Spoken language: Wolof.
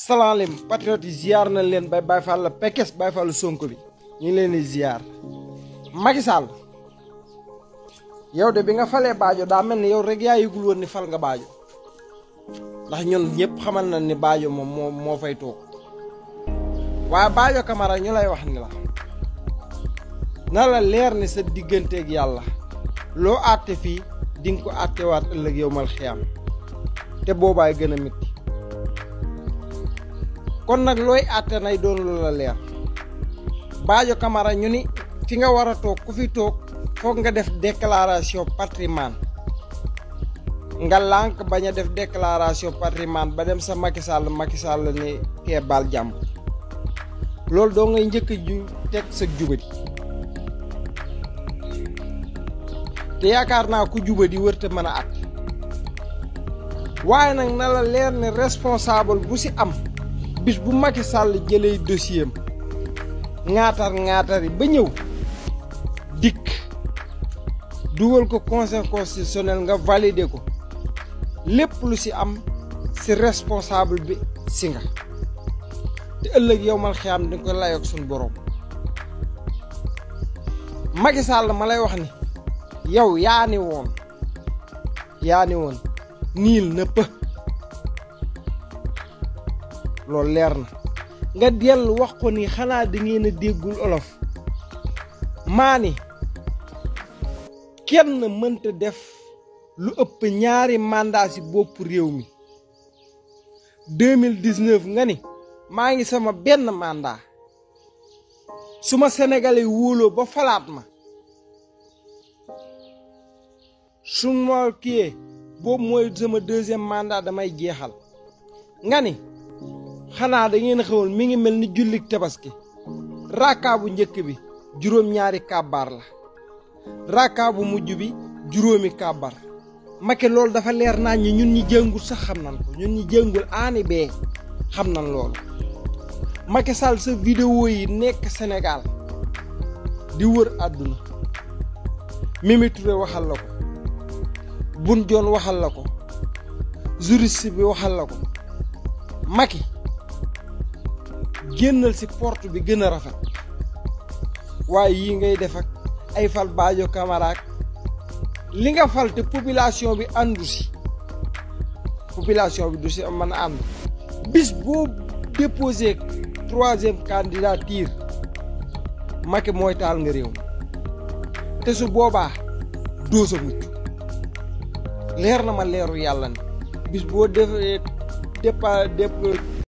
salaaleem patriote yi ziar na leen bay bye Fall Pekes bay Fall Sonko bi ñi len leen ziar Macky Sall yow de bi nga falé baajo da melni ni yow rek yaay yugul won ni fal nga baajo ndax ñun ñepp xamal na ni baajo moom mo, mo fay tok wa baajo kamara ñu lay wax ni la na la leer ni sa digganteeg ak yalla lo atté fi ding ko atté ëllëg ëlëk yowmal xiyam té bobay gëna kon nak loy àtte nay doon lu la leer baajo Camara ñu ni fi nga wara tok ku fi tok sama nga def déclaration patrimoine nga lank baña def déclaration patrimoine ba dem sa Macky Sall Macky Sall ni kee bal jam lol do ngay ñëk ju tek sa jubadi té yaakaar ku jubadi wërte mëna at waye nak na la leer responsable bu ci am bis bu Macky Sall jëlé dossier ngaatar ngaatar ŋaatari ba ñëw dik duwol ko conseil constitutionnel nga valider ko lepp lu ci am ci responsable bi si nga te ëlëk yowmal mal dañ di ko layoog sun borom Macky Sall ma lay wax ni yow yaani ni yaani won nil woon niil lool leer na nga dellu wax ko ni xanaa da ngeen a déggul olof maa ni kenn mënta def lu ëpp ñaari màndaa ci boppu réew mi 2019 nga ni maa ngi sama benn màndaa su ma sénégalais wóoloo ba falaat ma su ma kiyee boobu mooy sama deuxième mandat damay jeexal nga ni xanaa da ngeen xewal mi ngi mel ni jullik tabaski raakaa bu njëkk bi juróom-ñaari kàbbaar la raakaa bu mujj bi juróomi kàbbaar maki loolu dafa leer naa ñi ñun ñi jëngul sax xam nan ko ñun ñi jëngul aani bee xam nan loolu Macky Sall sa vidéo yi nekk senegaal di wër àdduna Mimi Touré waxal la ko Boun waxal la ko juriste bi waxal la ko Macky génnal si port bi gën a rafet waaye yii ngay def ak ay fal Badio Camara li nga fal te population bi àndu si population bi du si mën a ànd bis boo déposé troisième candidature Macky mooy taal nga réew te su boobaa doo sa mucc leer na ma leeru yàlla ne bis boo defee dépa